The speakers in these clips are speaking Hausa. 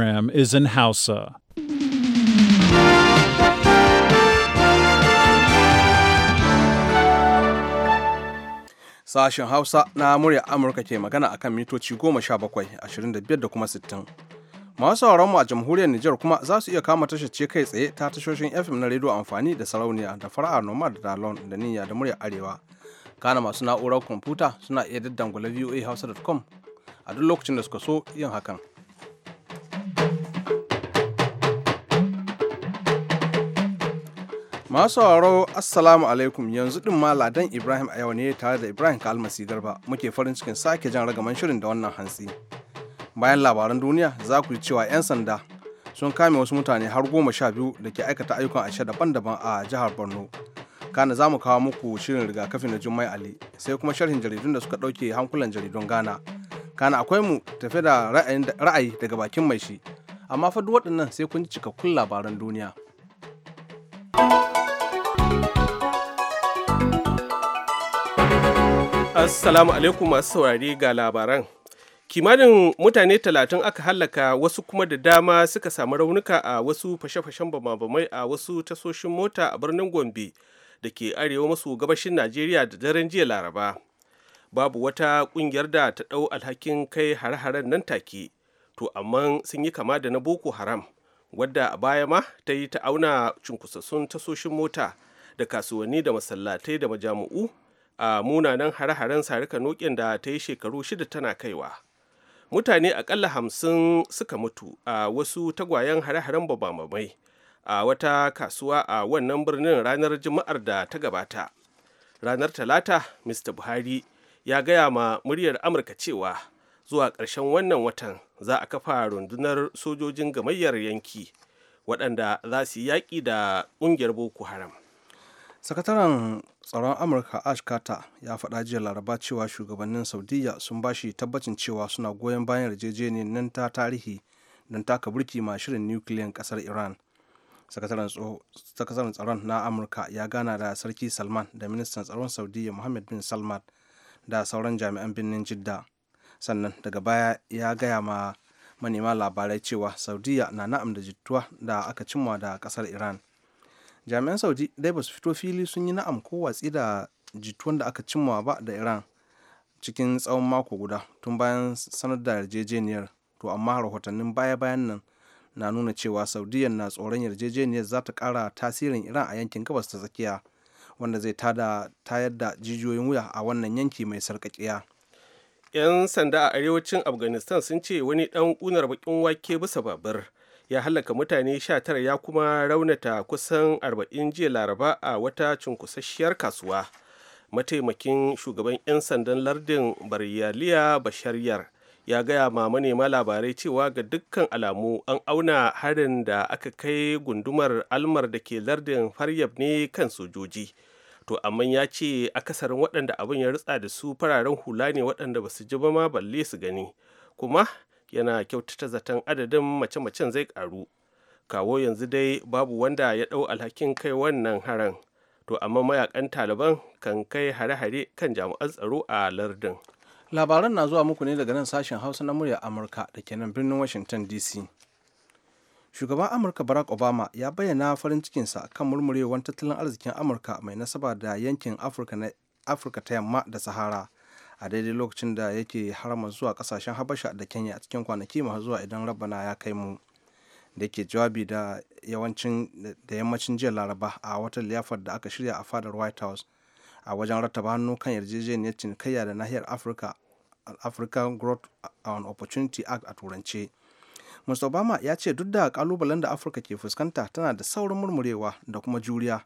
program is in Hausa. Sashen Hausa na murya Amurka ke magana a kan mitoci 17, 25 da kuma 60. Masu mu a jamhuriyar Nijar kuma za su iya kama tashar ce kai tsaye ta tashoshin FM na rediyo amfani da sarauniya da fara'a noma da dalon da niyya da murya arewa. Kana masu na'urar kwamfuta suna iya daddangula voahausa.com a duk lokacin da suka so yin hakan. Masu sauraro Assalamu alaikum yanzu din ma Ladan Ibrahim a yau ne tare da Ibrahim Kalmasi Garba muke farin cikin sake jan ragaman shirin da wannan hansi Bayan labaran duniya za ku ji cewa 'yan sanda sun kame wasu mutane har goma sha biyu da ke aikata ayyukan ashe daban-daban a jihar Borno. Kana za mu kawo muku shirin rigakafi na Jummai Ali sai kuma sharhin jaridun da suka ɗauke hankulan jaridun Ghana. Kana akwai mu tafe da ra'ayi daga bakin mai shi amma fa duk waɗannan sai kun ji cikakkun labaran duniya. Assalamu alaikum masu saurari ga labaran. Kimanin mutane talatin aka hallaka wasu kuma da dama suka samu raunuka a wasu fashe-fashen bama-bamai a wasu tasoshin mota a birnin Gombe da ke arewa maso gabashin Najeriya da daren jiya Laraba. Babu wata kungiyar da ta ɗau alhakin kai har haren nan take, to amma sun yi kama da na Boko Haram, wadda a baya ma ta yi ta auna cunkusassun tasoshin mota da kasuwanni da masallatai da majamu'u a munanan hare-haren sarika nokin da ta yi shekaru shida tana kaiwa mutane akalla hamsin suka mutu a wasu tagwayen hare-haren babamamai a wata kasuwa a wannan birnin ranar juma'ar da ta gabata ranar talata mr buhari ya gaya ma muryar amurka cewa zuwa ƙarshen wannan watan za a kafa rundunar sojojin gamayyar yanki waɗanda za su yi yaƙi da ƙungiyar boko haram sakataren tsaron amurka ash carter ya faɗa jiya laraba cewa shugabannin saudiya sun ba shi tabbacin cewa suna goyon bayan yarjejeniyar nan ta tarihi don taka burki ma shirin nukiliyan kasar iran sakataren tsaron na amurka ya gana da sarki salman da ministan tsaron saudiya mohammed bin salman da sauran jami'an birnin jidda sannan daga baya ya gaya ma manema labarai cewa saudiya na na'am da jituwa da aka cimma da ƙasar iran jami'an saudi dai ba su fito fili sun yi na'am ko watsi da jituwan da aka cimma ba da iran cikin tsawon mako guda tun bayan sanar da yarjejeniyar to amma rahotannin baya-bayan nan na nuna cewa saudiya na tsoron yarjejeniyar za ta kara tasirin iran a yankin gabas ta tsakiya wanda zai tada tayar da jijiyoyin wuya a wannan yanki mai sarkakiya. 'yan sanda a arewacin afghanistan sun ce wani dan kunar bakin wake bisa babar. ya hallaka mutane sha tara ya kuma raunata kusan arba'in jiya laraba a wata cunkusasshiyar kasuwa mataimakin shugaban 'yan sandan lardin baryaliya bashariyar ya gaya ma manema labarai cewa ga dukkan alamu an auna harin da aka kai gundumar almar da ke lardin faryab ne kan sojoji to amma ya ce akasarin waɗanda abin ya rutsa da su fararen hula ne waɗanda ba su ji ba ma balle su gani kuma yana kyautata zaton adadin mace-macen zai karu kawo yanzu dai babu wanda ya ɗau alhakin kai wannan haran to amma mayakan taliban kan kai hare-hare kan jami'an tsaro a lardin labaran na zuwa muku ne daga nan sashen hausa na murya amurka da ke nan birnin washington dc shugaban amurka barack obama ya bayyana farin cikinsa kan murmurewar tattalin arzikin amurka mai nasaba da yankin afirka ta yamma da sahara a daidai lokacin da yake harama zuwa kasashen habasha da kenya a cikin kwanaki masu zuwa idan rabana ya kai mu da ke jawabi da yawancin da yammacin jiya laraba a watan liyafar da aka shirya a fadar white house a wajen rattaba hannu kan yarjejeniyar cinikayya da nahiyar afirka african growth and opportunity act a turance mr obama ya ce duk da kalubalen da afirka ke fuskanta tana da saurin murmurewa da kuma juriya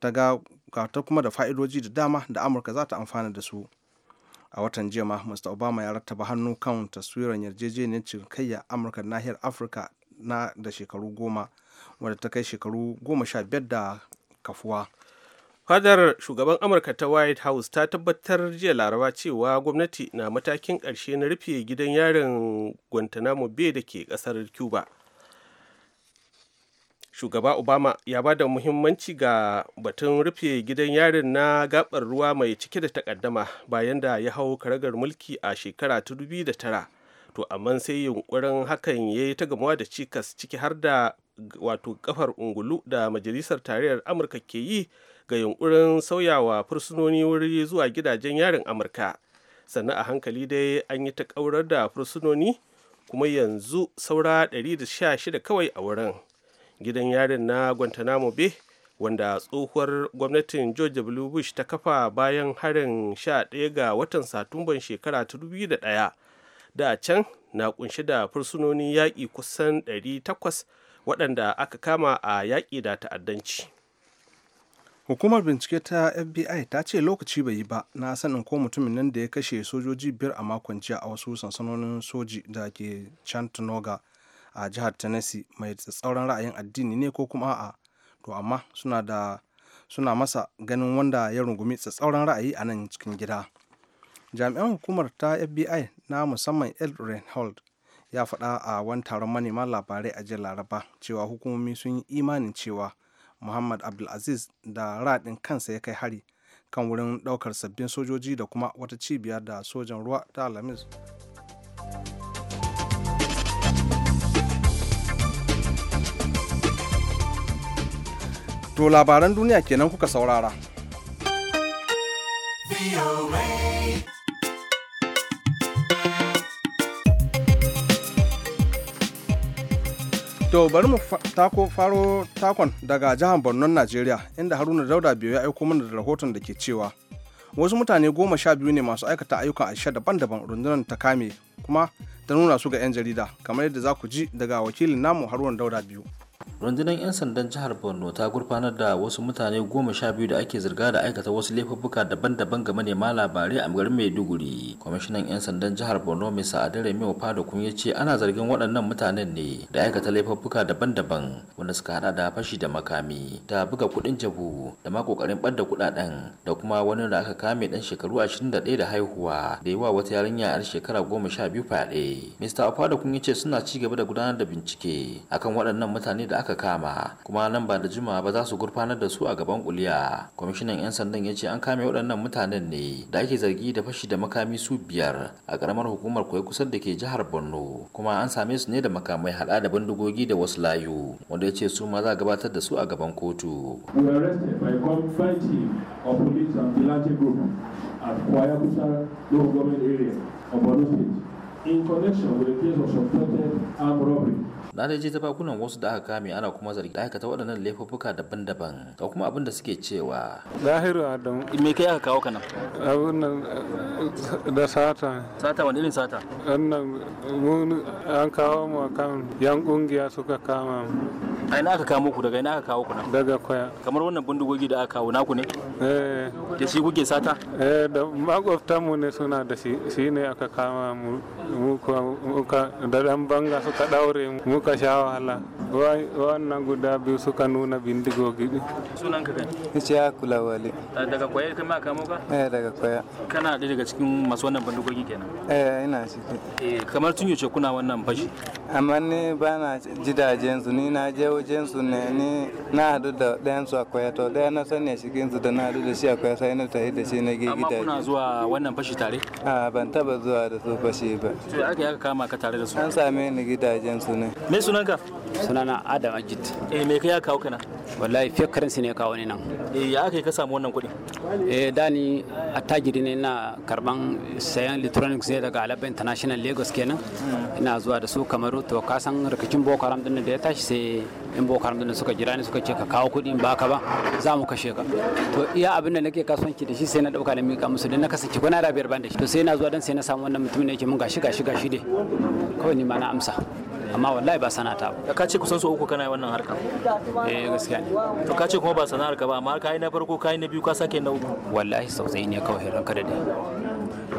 ta ga kuma da fa'idoji da dama da amurka za ta amfana da su a watan jiya ma mr obama ya rattaba hannu kan taswiran yarjejeniyar cinikayya amurka nahiyar afirka na da shekaru goma wadda ta kai shekaru goma sha biyar da kafuwa fadar shugaban amurka ta white house ta tabbatar jiya laraba cewa gwamnati na matakin ƙarshe na rufe gidan yarin guantanamo bay da ke ƙasar cuba shugaba obama ya ba da muhimmanci ga batun rufe gidan yarin na gabar ruwa mai cike da takaddama bayan da ya hau karagar mulki a shekara ta tara to amma sai yunkurin hakan ya yi ta gamuwa da cikas ciki har da wato kafar ungulu da majalisar tarayyar amurka ke yi ga yunkurin sauyawa fursunoni wuri zuwa gidajen yarin amurka sannan a hankali dai an yi ta kaurar da fursunoni kuma yanzu saura 116 kawai a wurin gidan yarin na guantanamo bay wanda tsohuwar gwamnatin george w bush ta kafa bayan harin 11 ga watan satumban shekara ta 2001 da can na kunshi da fursunonin yaƙi kusan 800 waɗanda aka kama a yaƙi da ta'addanci hukumar bincike ta fbi ta ce lokaci bai yi ba na sanin ko mutumin nan da ya kashe sojoji biyar a makon jiya a wasu sansanonin soji da ke chantanoga a jihar tennessee mai tsatsauran ra'ayin addini ne ko kuma a to amma suna da suna masa ganin wanda ya rungumi tsatsauran ra'ayi a nan cikin gida jami'an hukumar ta fbi na musamman ed reinhold ya faɗa a wani taron manema labarai a jiyar laraba cewa hukumomi sun yi imanin cewa muhammad abdulaziz da raɗin kansa ya kai hari kan wurin ɗaukar sabbin sojoji da kuma wata cibiya da sojan ruwa ta alhamis. To labaran duniya kenan kuka saurara. To bari mu tako faro takon daga jihar Borno Najeriya inda Haruna Dauda biyu ya aiko mana da rahoton da ke cewa wasu mutane goma sha biyu ne masu aikata ayyukan aisha daban-daban rundunar ta kame kuma ta nuna su ga 'yan jarida kamar yadda za ku ji daga wakilin namu Haruna Dauda biyu. rundunar 'yan sandan jihar borno ta gurfanar da wasu mutane goma sha biyu da ake zirga da aikata wasu laifuffuka daban-daban ga manema labarai a garin maiduguri kwamishinan 'yan sandan jihar borno mai sa'adare mai fada kun ya ce ana zargin waɗannan mutanen ne da aikata laifuffuka daban-daban wanda suka hada da fashi da makami da buga kuɗin jabu da ma kokarin ɓadda kuɗaɗen da kuma wani da aka kame ɗan shekaru ashirin da ɗaya da haihuwa da yawa wata yarinya a shekara goma sha biyu fyaɗe mista fada kun ya ce suna ci gaba da gudanar da bincike akan waɗannan mutane da aka aka kama kuma nan ba da jimawa ba za su gurfanar da su a gaban kuliya kwamishinan 'yan sandan ya ce an kame waɗannan mutanen ne da ake zargi da fashi da makami su biyar a ƙaramar hukumar kwai kusa da ke jihar borno kuma an same su ne da makamai hada da bindigogi da wasu layu wanda ya ce su ma za a gabatar da su a gaban kotu. in connection with the case of suspected armed robbery na da je ta bakunan wasu da aka kame ana kuma zargi da aikata waɗannan laifuffuka daban-daban ga kuma abin da suke cewa zahiru adamu me kai aka kawo kana abin da sata sata wani irin sata wannan mun an kawo mu kan yan kungiya suka kama mu a ina aka kawo ku daga ina aka kawo ku nan daga kwaya kamar wannan bindigogi da aka kawo naku ne eh da shi kuke sata eh da makwabtan mu ne suna da shi shi ne aka kama mu ka da dan banga suka daure mu suka sha wahala wannan guda biyu suka nuna bindigo gidi sunan ka kai ya kula wale daga kwaya kai ma mu ka eh daga kwaya kana da daga cikin masu wannan bindigogi kenan eh ina ciki eh kamar tun yace kuna wannan bashi amma ne ba na jidajen su ni na je wajen su ne ni na hadu da ɗayan su akwai to ɗaya na sani cikin su da na hadu da shi akwai sai na tafi da shi na gida amma kuna zuwa wannan bashi tare a ah, ban taba zuwa da su bashi ba to aka aka kama ka tare da su an same ni gidajen su ne me me sunanka sunana adam ajit eh me ka ya kawo kana wallahi fiye karansi ne kawo ne nan eh ya aka ka samu wannan kuɗi eh dani tajiri ne ina karban sayan electronics ne daga alaba international lagos kenan hmm. ina zuwa da su kamaru to ka san rikicin boko haram din da ya tashi sai in boko haram din suka jira ni suka ce ka kawo kuɗi in baka ba za mu kashe ka to iya abin da nake kasuwanci da shi sai na dauka na mika musu dan na kasance ko na rabiyar ban da shi to sai na zuwa dan sai na samu wannan mutumin da yake mun gashi gashi gashi dai kawai ni ma na amsa amma wallahi ba sana'ata ba ka ce kusan so uku kana wannan harka eh gaskiya ne to ka ce kuma ba sana'ar ka ba amma ka yi na farko ka yi na biyu ka sake na uku wallahi sauzai ne kawai ka da dai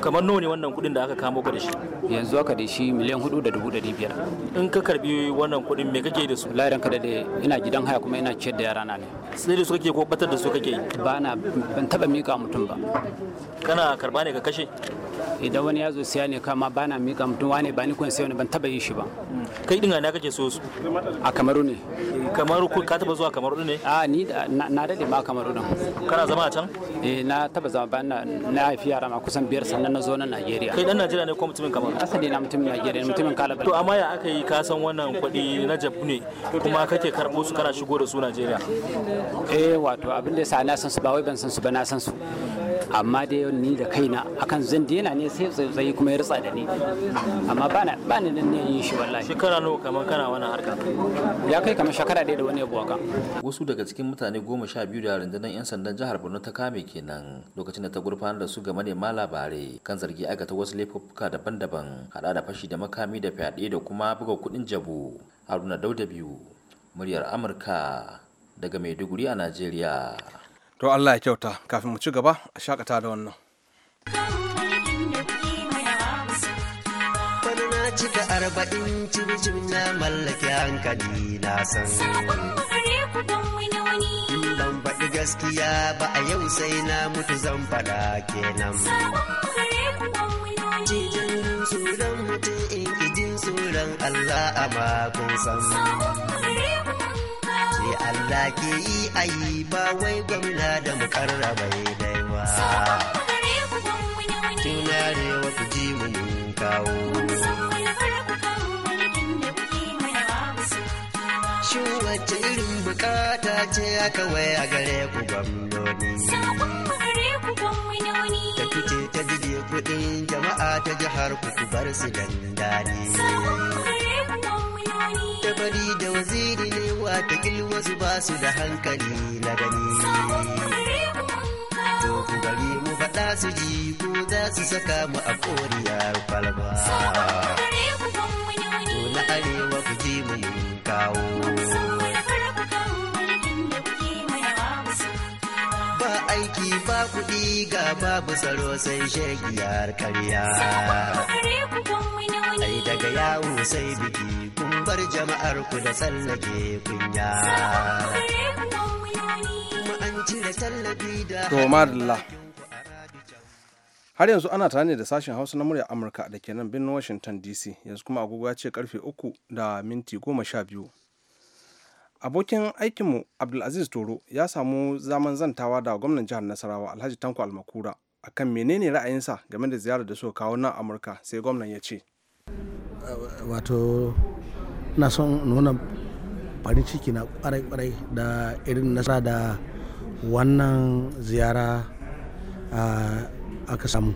kamar nawa ne wannan kudin da aka kamo ka da shi yanzu aka da shi miliyan hudu da dubu dari biyar in ka karbi wannan kudin me kake da su wallahi ranka da dai ina gidan haya kuma ina ciyar da yara na ne sai da su kake ko batar da su kake ba na ban taba mika mutum ba kana karba ne ka kashe idan wani ya zo siya ne kama ba na miƙa mutum wane ba ni kun sai ne ban taba yi shi ba kai dinga na kake so su a kamaru ne eh, kamaru ko ka taba zuwa kamaru ne a ni na dade ma kamaru din kana zama a can eh na taba zama ba na haifi yara ma kusan biyar sannan na zo na Najeriya kai dan Najeriya ne ko mutumin kamaru asali na mutumin Najeriya mutumin Kalaba to amma ya aka yi ka san wannan kuɗi na jabu ne kuma kake karɓo su kana shigo da su Najeriya eh wato abin da yasa na san su ba wai ban san su ba na san su amma dai ni da kaina akan zan daina ne sai tsaye kuma ya ritsa da ni amma ba ni nan ne yin shi wallahi shekara nawa kamar kana wannan harka ya kai kamar shekara da wani abu haka wasu daga cikin mutane goma sha biyu da rundunar yan sandan jihar Borno ta kame kenan lokacin da ta gurfana da su ga manema labarai kan zargi aikata wasu laifuka daban-daban hada da fashi da makami da fyaɗe da kuma buga kuɗin jabu haruna dauda biyu muryar amurka daga maiduguri a najeriya To Allah ya kyauta kafin mu ci gaba a shakata da wannan. Wani na cika arba'in cibijin na mallake hankali na san. Sabon makare ku don wani Ban baɗi gaskiya ba a yau sai na mutu zan faɗa kenan. Sabon makare ku don wani wani. Cijin tsoron mutum in kijin suran Allah a makon san. Sabon Allah ke yi ayi ba wai gwamna da mukarrabai dai ba. Tunarewa ku ji mu kawo. Shin wacce irin bukata ce aka wai a gare ku gwamnoni? Ta fice ta bige kuɗin jama'a ta jihar ku ku bar su dandani. Ta bari da waziri ne wata wasu ba su da hankali na gani to ku mu faɗa su ji ko za su saka mu a koriyar kwalba to na arewa ku ji mu yin kawo ba aiki ba kuɗi ga babu tsaro sai shagiyar karya ai daga yawo sai biki bar jama'ar ku da tsallake kunya to madalla har yanzu ana tare ne da sashen hausa na murya amurka da ke nan birnin washington dc yanzu kuma agogo ya ce karfe uku da minti goma sha biyu abokin aikinmu abdulaziz toro ya samu zaman zantawa da gwamnan jihar nasarawa alhaji tanko almakura akan menene ra'ayinsa game da ziyarar da suka kawo nan amurka sai gwamnan ya ce wato ina son nuna farin ciki na kwarai-kwarai da irin nasara da wannan ziyara aka samu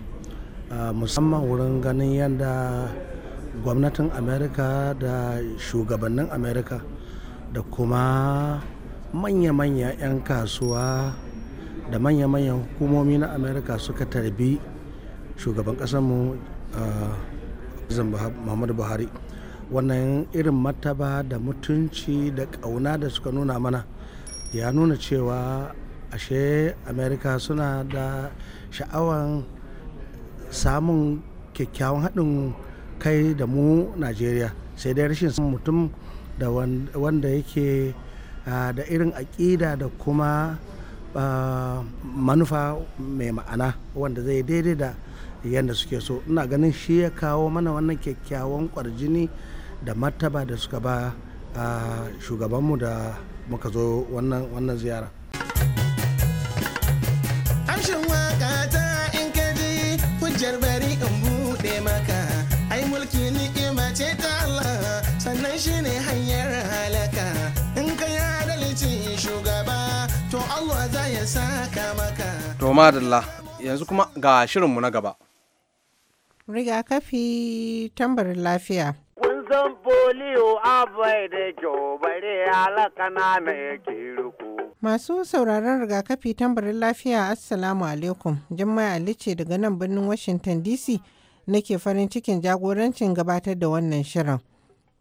musamman wurin ganin yadda gwamnatin amerika da shugabannin amerika da kuma manya-manya 'yan kasuwa da manya-manyan hukumomi na amerika suka tarbi shugaban ƙasarmu uh, muhammadu buhari wannan irin mataba da mutunci da ƙauna da suka nuna mana ya nuna cewa ashe amerika suna da sha'awan samun kyakkyawan haɗin kai da mu najeriya sai dai rashin samun mutum da wanda yake da irin aƙida da kuma manufa mai ma'ana wanda zai daidai da yadda suke so ina ganin shi ya kawo mana wannan kyakkyawan kwarjini da martaba da suka ba shugabanmu da muka zo wannan ziyara. Amshin waka ta in kaji hujjar bari in buɗe maka, ai mulki ni'ima ce ta Allah sannan shi ne hanyar halaka. In ka yi adalci shugaba, to Allah za ya saka maka. To madalla, yanzu kuma ga shirinmu na gaba. Rigakafi tambarin lafiya. Zan san foliyo abai da kyau bare alaka na ke ruku. Masu sauraron rigakafi tambarin lafiya Assalamu alaikum. Jummai Ali ce daga nan birnin Washington DC nake farin cikin jagorancin gabatar da wannan shirin.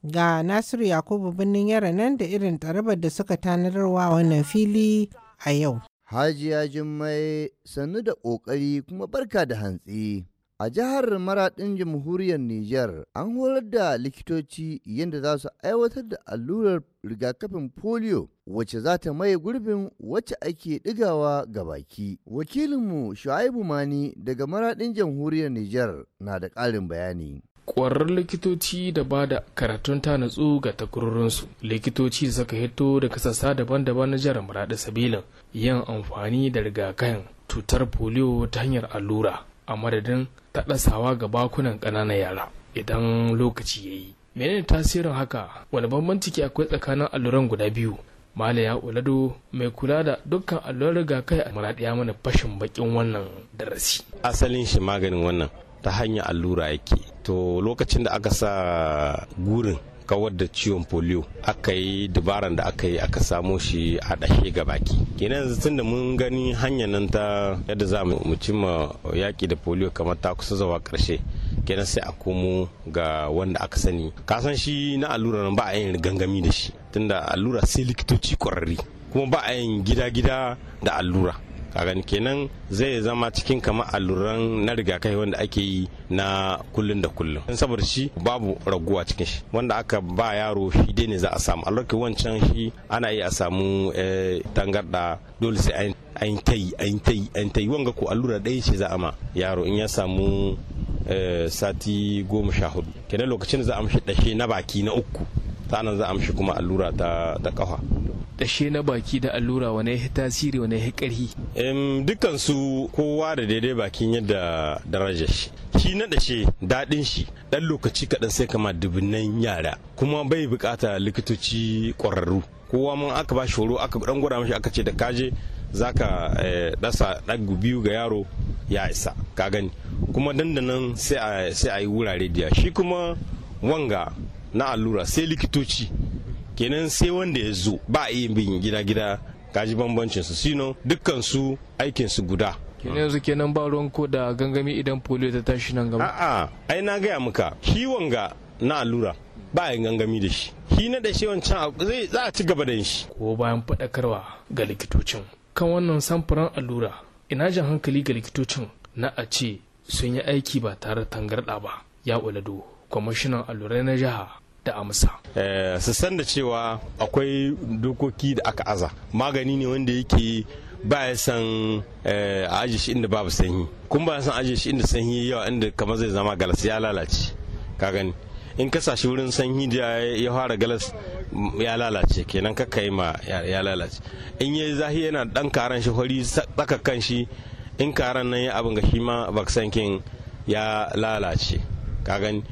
Ga Nasiru Yakubu birnin yara nan da irin tarabar da suka tanarwa wannan fili a yau. Hajiya Jummai sannu da ƙoƙari kuma barka da hantsi. A jihar Maraɗin Jamhuriyar Nijar an horar da likitoci yadda za su aiwatar da allurar rigakafin polio wacce za ta maye gurbin wacce ake ɗigawa ga baki. Wakilinmu Shu'aibu Mani daga Maraɗin Jamhuriyar Nijar na da ƙarin bayani. Ƙwarar likitoci da ba da karatun ta natsu ga takwarorinsu likitoci da suka hito da sassa daban-daban na jihar Maraɗi sabilin yin amfani da rigakafin cutar polio ta hanyar allura a madadin ta ɗasawa ga bakunan ƙananan yara idan lokaci ya yi menene tasirin haka wani bambanci ke akwai tsakanin alluran guda biyu malaya ulado mai kula da dukkan alluran kai a maraɗiya mana fashin bakin wannan darasi asalin shi maganin wannan ta hanyar allura yake to lokacin da aka sa gurin kawar da ciwon polio aka yi dabaran da aka yi aka samo shi a ɗashe ga baki kenan yanzu tun da mun gani hanyar nan ta yadda za mu cimma yaƙi da polio kamar ta kusa zawa ƙarshe kenan sai a komo ga wanda aka sani kasan shi na allura nan ba a yin gangami da shi tunda allura sai likitoci ƙwararri kuma ba a yin gida-gida da allura kaga kenan zai zama cikin kama alluran na rigakafi wanda ake yi na kullun da kullun saboda shi babu raguwa cikin shi wanda aka ba yaro shi dai ne za a samu alurka wancan shi ana iya a samu eh, tangarda dole sai an tai an tayi an tayi wanga ko allura ɗaya ce za a ma yaro in ya samu eh, sati goma sha hudu kenan lokacin za a mishi ɗashe na baki na uku Sannan za a mishi kuma allura ta kafa dashe na baki da allura wane ya tasiri wane ya karhi dukkan su kowa da daidai bakin yadda daraja shi shi na dashe daɗin shi ɗan lokaci kaɗan sai kama dubunnan yara kuma bai bukata likitoci ƙwararru kowa mun aka ba shi horo aka ɗan gwada mashi aka ce da kaje zaka eh, ɗasa ɗagu biyu ga yaro ya isa ka gani kuma dandanan sai a yi wurare diya shi kuma wanga na allura sai likitoci kenan sai wanda ya zo ba a yin bin gida-gida kaji bambancin su sino dukkan su aikin su guda kenan yanzu kenan ba ruwan ko da gangami idan polio ta tashi nan gaba a'a ai na gaya muka shi wanga na allura ba yin gangami da shi shi na da shi wancan zai za a ci gaba da shi ko bayan faɗakarwa ga likitocin kan wannan samfuran allura ina jan hankali ga likitocin na a ce sun yi aiki ba tare tangarɗa ba ya ulado kwamishinan allurai na jiha da amsa. Eh, su san da cewa akwai dokoki da aka aza magani ne wanda yake ba ya san eh, a ajiye shi inda babu sanyi kuma ba ya san ajiye shi inda sanyi yawa inda kamar zai zama galas ya lalace ka gani in ka sashi wurin sanyi da ya fara galas ya lalace kenan ka kai ma ya lalace in ya zahi yana dan karan shi hori tsaka kan shi in karan nan ya abin ga shi ma vaccine ya lalace ka gani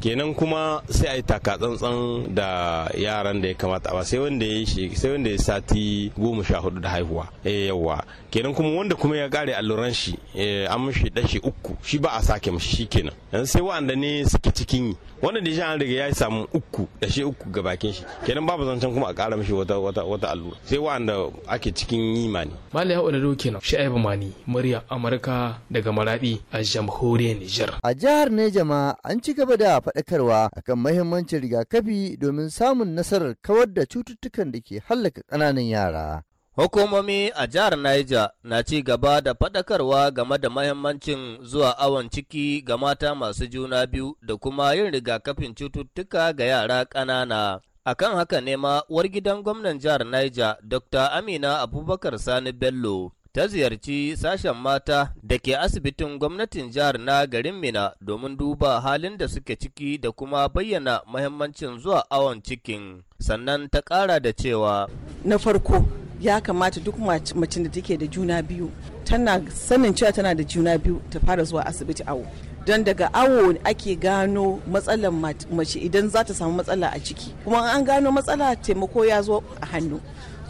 kenan kuma sai a yi taka tsantsan da yaran da ya kamata ba sai wanda ya shi sai wanda ya sati goma sha hudu da haihuwa eh yawa kenan kuma wanda kuma ya kare alluran shi eh, an mishi dashi uku shi ba a sake mishi kenan yanzu sai wa'anda ne suke cikin wannan da an riga ya samu uku da shi uku ga bakin shi kenan babu zancen kuma a kara mishi wata wata wata allura sai wa'anda ake cikin imani. ne malaya olado kenan sha'ibu mani murya amurka daga maradi a jamhuriyar niger a jihar nejama an ci gaba da faɗakarwa akan mahimmancin rigakafi domin samun nasarar kawar da cututtukan da ke hallaka ƙananan yara Hukumomi a jihar Niger na ci gaba da faɗakarwa game da mahimmancin zuwa awon ciki ga mata masu juna biyu da kuma yin rigakafin cututtuka ga yara ƙanana. a kan haka ne ma uwar gidan gwamnan jihar Niger Dr. Amina Abubakar Sani Bello ta ziyarci sashen mata da ke asibitin gwamnatin jihar na garin Mina domin duba halin da suke ciki da kuma bayyana mahimmancin zuwa awon cikin. Sannan ta ƙara da cewa. Na farko ya kamata duk macin da take da juna biyu tana sanin cewa tana da juna biyu ta fara zuwa asibiti awo don daga awo ake gano matsalar mace idan za ta samu matsala a ciki kuma an gano matsala taimako ya zo a hannu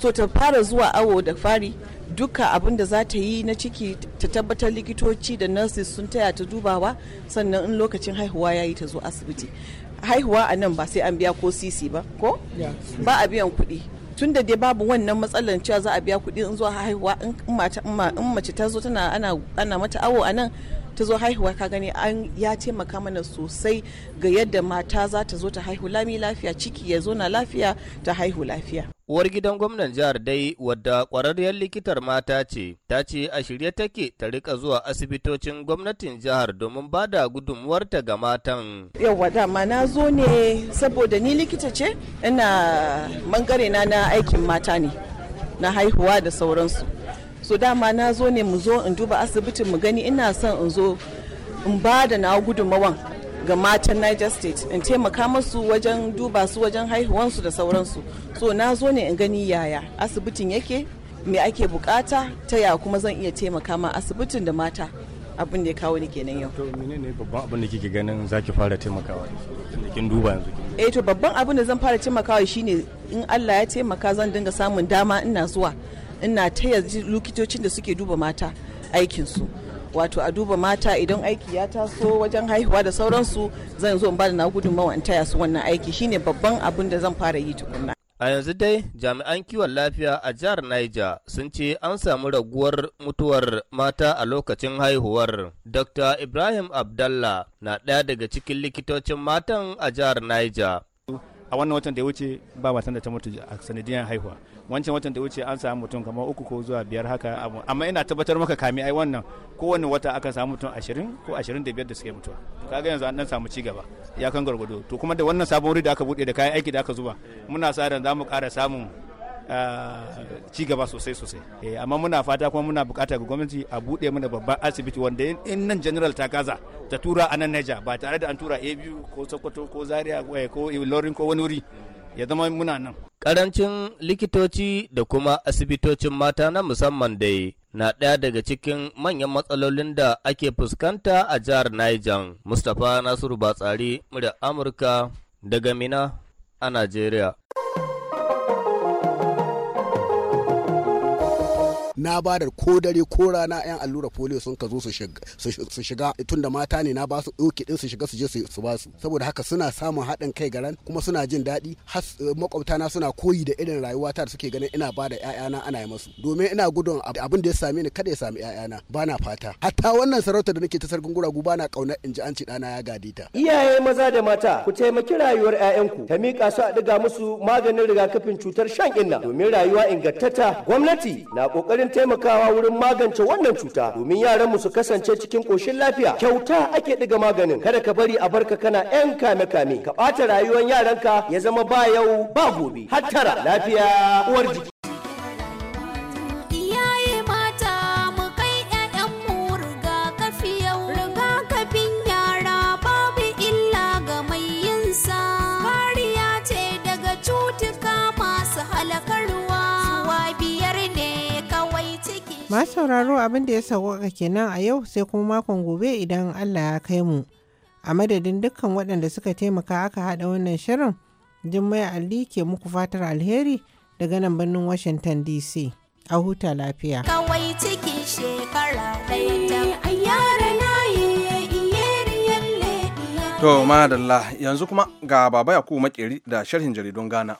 so ta fara zuwa awo da fari duka abin da za ta yi na ciki ta tabbatar likitoci da nurses sun taya ta dubawa sannan in lokacin haihuwa ya yi ta zo asibiti haihuwa a nan ba sai an biya ko sisi ba ko ba a biyan kuɗi tun da dai babu wannan matsalar cewa za a biya kuɗi in zuwa haihuwa in mace ta zo tana ana mata awo a nan ta zo haihuwa ka gani an ya taimaka mana sosai ga yadda mata za ta zo ta haihu lami lafiya ciki ya zo na lafiya ta haihu lafiya Uwar gidan gwamnan jihar dai wadda ƙwararriyar likitar mata ce, ta ce a shirye take ta rika zuwa asibitocin gwamnatin jihar domin ba da gudunmuwarta ga matan. Yawwa dama na zo ne saboda ni likita ce ina bangare na na aikin mata ne na haihuwa da sauransu. So dama na zo ne mu zo in duba asibitin mu gani ina son in zo in ba da na gudunmawan ga matan Niger State in taimaka musu wajen duba su wajen haihuwansu da sauransu. So na zo ne in gani yaya asibitin yake me ake bukata ta ya kuma zan iya taimaka ma asibitin da mata abin da ya kawo ni kenan yau. To menene babban abin da kike ganin zaki fara taimakawa da kin duba yanzu? Eh to babban abin da zan fara taimakawa shine in Allah ya taimaka zan dinga samun dama ina zuwa ina taya likitocin da suke duba mata aikinsu. su. wato a duba mata idan aiki ya taso wajen haihuwa da sauransu zan zo in da na gudunmawa in taya su wannan aiki shine babban abin da zan fara yi tukunna A yanzu dai jami'an kiwon lafiya a jihar Niger sun ce an samu raguwar mutuwar mata a lokacin haihuwar. Dr. Ibrahim Abdallah na daya daga cikin likitocin matan a jihar Niger. A wannan watan da ya wuce ba matan da ta mutu a sanadiyar haihuwa. wancan watan da wuce an samu mutum kamar uku ko zuwa biyar haka abu amma ina tabbatar maka kami ai wannan kowane wata aka samu mutum ashirin ko ashirin da biyar da suke mutuwa kaga yanzu an dan samu ci gaba ya kan gargado to kuma da wannan sabon wuri da aka bude da kayan aiki da aka zuba muna sa ran za mu ƙara samun ah, ci gaba sosai sosai eh, amma muna fata kuma muna bukata ga gwamnati a bude mana babban asibiti wanda in nan general ta gaza ta tura a nan Niger ba tare da an tura a biyu ko sokoto ko zaria eh, ko lorin ko wani wuri ya zama muna nan. Karancin likitoci da kuma asibitocin mata na musamman dai na ɗaya daga cikin manyan matsalolin da ake fuskanta a jihar Niger. Mustapha Nasiru Batsari, murya Amurka daga Mina a Najeriya. na ba da ko dare ko rana yan allura polio sun ka zo su shiga tunda mata ne na ba su ɗauki ɗin su shiga su je su ba su saboda haka suna samun haɗin kai garan kuma suna jin daɗi eh, makwabta suna koyi da irin rayuwa ta da suke ganin ina ba da ƴaƴana ana yi musu domin ina gudun abin da ya same ni kada ya sami ƴaƴana ba na fata hatta wannan sarauta da nake ta sarkin guragu ba na ƙauna in ji an ci ɗana ya gade ta iyaye maza da mata ku taimaki rayuwar ƴaƴanku ta miƙa su a ɗiga musu maganin rigakafin cutar shan inna domin rayuwa ingantatta gwamnati na ƙoƙarin wajen taimakawa wurin magance wannan cuta domin yaran mu su kasance cikin koshin lafiya kyauta ake ɗiga maganin kada ka bari a barka kana 'yan kame-kame ka ɓata rayuwar yaranka ya zama ba yau ba gobe hattara lafiya uwar jiki sauraro abin da ya sauƙaƙa kenan a yau sai kuma makon gobe idan Allah ya kai mu. A madadin dukkan waɗanda suka taimaka aka haɗa wannan shirin, Jummai Ali ke muku fatar alheri daga nan birnin Washington DC. A huta lafiya. Kawai cikin shekara ɗaya eh, To madalla yanzu kuma ga baba Yakubu maƙeri da sharhin jaridun gana.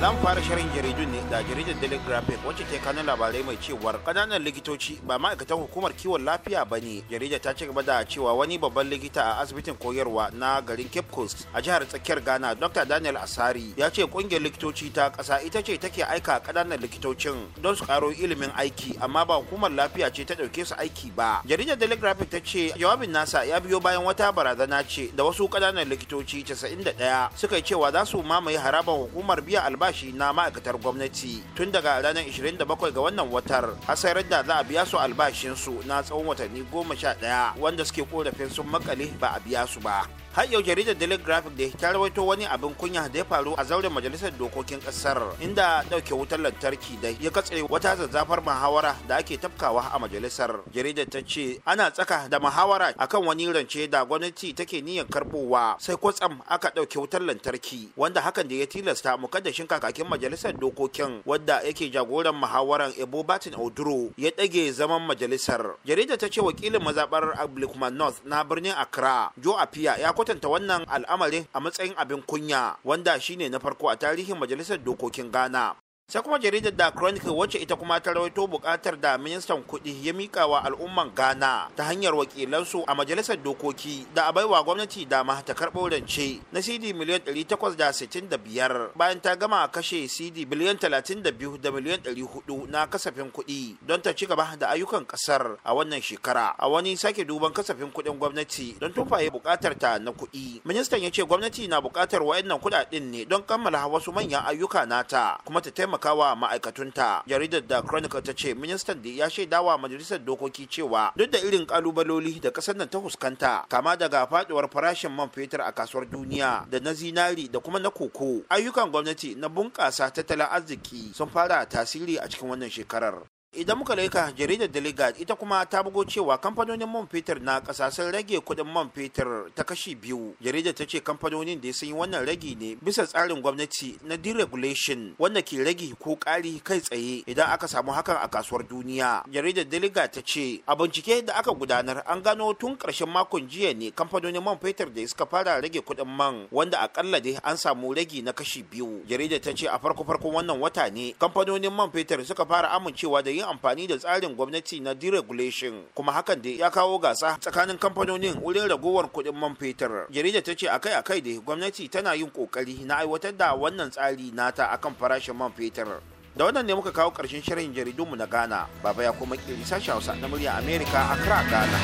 zan fara shirin jaridun ne da jaridar daily graphic wacce ke kanun labarai mai cewar kananan likitoci ba ma'aikatan hukumar kiwon lafiya ba ne jarida ta ci gaba da cewa wani babban likita a asibitin koyarwa na garin cape coast a jihar tsakiyar ghana dr daniel asari ya ce kungiyar likitoci ta kasa ita ce take aika kananan likitocin don su karo ilimin aiki amma ba hukumar lafiya ce ta dauke su aiki ba jaridar daily graphic ta ce jawabin nasa ya biyo bayan wata barazana ce da wasu kananan likitoci 91 suka yi cewa za su mamaye harabar hukumar biya albashi albashi na ma'aikatar gwamnati tun daga ranar 27 ga wannan watar hasarar da za a biya su albashinsu na tsawon watanni 11 wanda suke korafin sun makale ba a biya su ba. har yau jaridar daily graphic da ta rawaito wani abin kunya da ya faru a zauren majalisar dokokin kasar inda dauke wutar lantarki da ya katse wata zazzafar muhawara da ake tafkawa a majalisar jaridar ta ce ana tsaka da muhawara akan wani rance da gwamnati take niyyar karbowa sai kwatsam aka dauke wutar lantarki wanda hakan da ya tilasta mukaddashin kakakin majalisar dokokin wadda yake jagoran muhawaran ebo batin oduro ya dage zaman majalisar jaridar ta ce wakilin mazabar abdulkuman north na birnin accra joe apia ya kwatanta wannan al'amarin a matsayin abin kunya wanda shine na farko a tarihin majalisar dokokin Ghana sai kuma jaridar da chronicle wacce ita kuma ta rawaito bukatar da ministan kuɗi ya mika wa al'umman ghana ta hanyar wakilansu a majalisar dokoki da a baiwa gwamnati dama ta karɓo rance na cd miliyan 865 bayan ta gama kashe cd biliyan 32 da miliyan 400 na kasafin kuɗi don ta ci gaba da ayyukan ƙasar a wannan shekara a wani sake duban kasafin kuɗin gwamnati don tufaye bukatar ta na kuɗi ministan ya ce gwamnati na bukatar wayannan kuɗaɗen ne don kammala wasu manyan ayyuka nata kuma ta taimaka taimakawa ma'aikatunta jaridar da chronicle ta ce ministan da ya shaidawa majalisar dokoki cewa duk da irin kalubaloli da kasar nan ta fuskanta kama daga faduwar farashin man fetur a kasuwar duniya da na zinari da kuma na koko ayyukan gwamnati na bunƙasa tattalin arziki sun fara tasiri a cikin wannan shekarar idan muka laika jaridar delegate ita kuma ta bugo cewa kamfanonin man fetur na ƙasa rage kuɗin man fetur ta kashi biyu jaridar ta ce kamfanonin da sun yi wannan ragi ne bisa tsarin gwamnati na deregulation wanda ke rage ko ƙari kai tsaye idan aka samu hakan a kasuwar duniya jaridar delegate ta ce a bincike da aka gudanar an gano tun ƙarshen makon jiya ne kamfanonin man fetur da suka fara rage kuɗin man wanda akalla dai an samu ragi na kashi biyu jaridar ta ce a farko farkon wannan wata ne kamfanonin man fetur suka fara amincewa da yin amfani da tsarin gwamnati na deregulation kuma hakan da ya kawo gasa tsakanin kamfanonin wurin ragowar kuɗin man fetur jarida ta ce akai-akai da gwamnati tana yin kokari na aiwatar da wannan tsari nata akan farashin man fetur da wannan ne muka kawo ƙarshen shirin jaridunmu na ghana baba ya kuma kiri sashen hausa na murya america accra ghana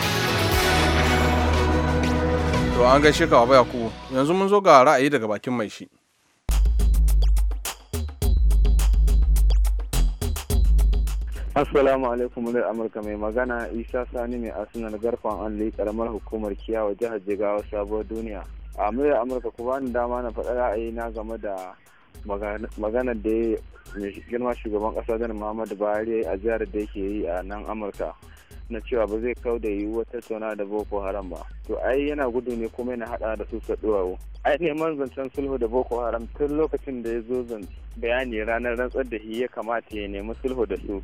to an gaishe ka baba yakubu yanzu mun zo ga ra'ayi daga bakin mai shi Assalamu alaikum muryar Amurka mai magana Isa Sani mai Arsenal garfan Alli karamar hukumar Kiyawa jihar Jigawa sabuwar duniya. A muryar Amurka ku bani dama na faɗa ra'ayi na game da magana da ya girma shugaban ƙasa Muhammadu Buhari a jihar da yake yi a nan Amurka. na cewa ba zai kau da yiwuwar tattauna da boko haram ba to ai yana gudu ne kuma yana hada da su a ai neman zancen sulhu da boko haram tun lokacin da ya zo bayani ranar rantsar da shi ya kamata ya nemi sulhu da su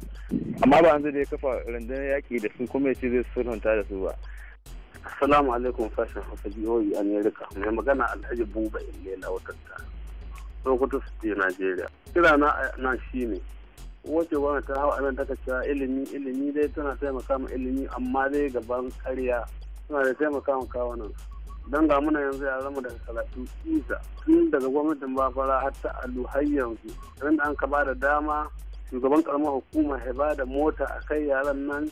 amma ba yanzu da ya kafa rundunar yaki da su kuma ya ce zai sulhunta da su ba assalamu alaikum fashin hausa biyoyi e, america mai magana alhaji buba ilela lokutu sokoto state nigeria kira na shi ne. wace wani ta hau anan ta cewa ilimi ilimi dai tana taimaka ma ilimi amma dai gaban karya suna da taimaka ma kawunan don ga muna yanzu ya zama daga talatin isa tun daga gwamnatin bafara har ta alu har yanzu ran da an ka bada dama shugaban karamar hukuma ya ba da mota a kai yaran nan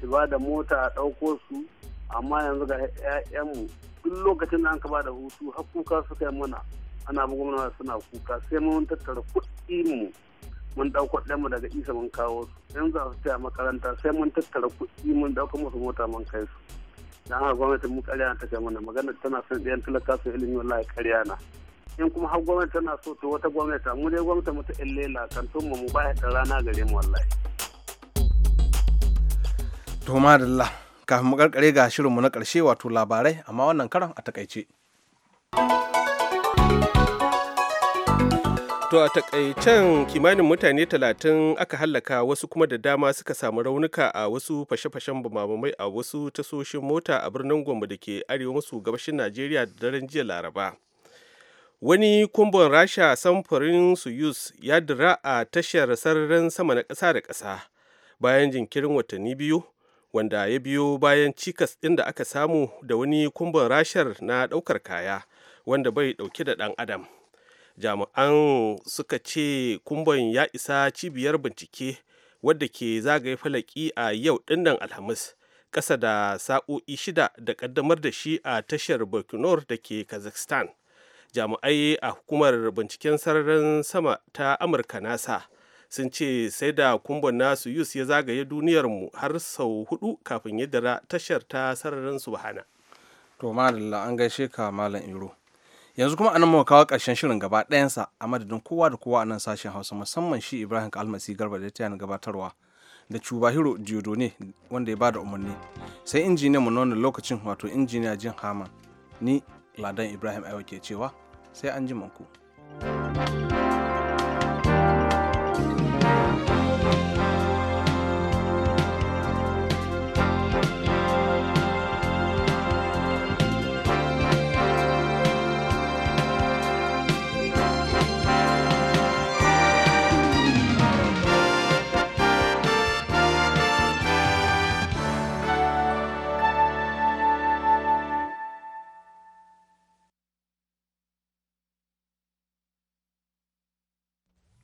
shi ba da mota a ɗauko su amma yanzu ga 'ya'yanmu duk lokacin da an ka ba da hutu har kuka suka yi mana ana bugu mana suna kuka sai mun tattara kuɗi mu mun ɗauko ɗanmu mu daga isa mun kawo su in za su taya makaranta sai mun tattara kuɗi mun ɗauka musu mota mun kai su dan haka gwamnati mun karya ta kai mana magana tana son ɗayan talaka su ilimi wallahi karya na in kuma har gwamnati tana so to wata gwamnati mu dai gwamnati mu ta illela kan tun mu ba ta rana gare mu wallahi to madalla kafin mu karkare ga mu na karshe wato labarai amma wannan karan a takaice. To a takaicen kimanin mutane talatin aka hallaka wasu kuma da dama suka samu raunuka a wasu fashe-fashen bumamamai a wasu tasoshin mota a birnin Gombe da ke arewa maso gabashin Najeriya da daren jiya Laraba. Wani kumbon Rasha samfurin Soyuz ya dira a tashar sararin sama na ƙasa da ƙasa bayan jinkirin watanni biyu wanda ya biyo bayan cikas ɗin da aka samu da wani kumbon rashar na ɗaukar kaya wanda bai ɗauke da ɗan adam. jami'an suka ce kumban ya isa cibiyar bincike wadda ke zagaye falaki a yau dinnan alhamis kasa da sa'o'i shida da ƙaddamar da shi a tashar burkinor da ke kazakhstan jami'ai a hukumar binciken sararin sama ta amurka nasa sun ce sai da kumban nasu yus ya zagaye duniyarmu har sau hudu kafin ya dara tashar ta sararin subhana to malalla an gaishe ka malam iro yanzu kuma anan muka kawo ƙarshen shirin gaba ɗayansa a madadin kowa da kowa a nan sashen hausa musamman shi ibrahim kalmasi garba da ta gabatarwa da cubahiro ne wanda ya bada umarni sai injiniya mu nuna lokacin wato injiniya jin haman ni ladan ibrahim aiwa ke cewa sai an ji ku.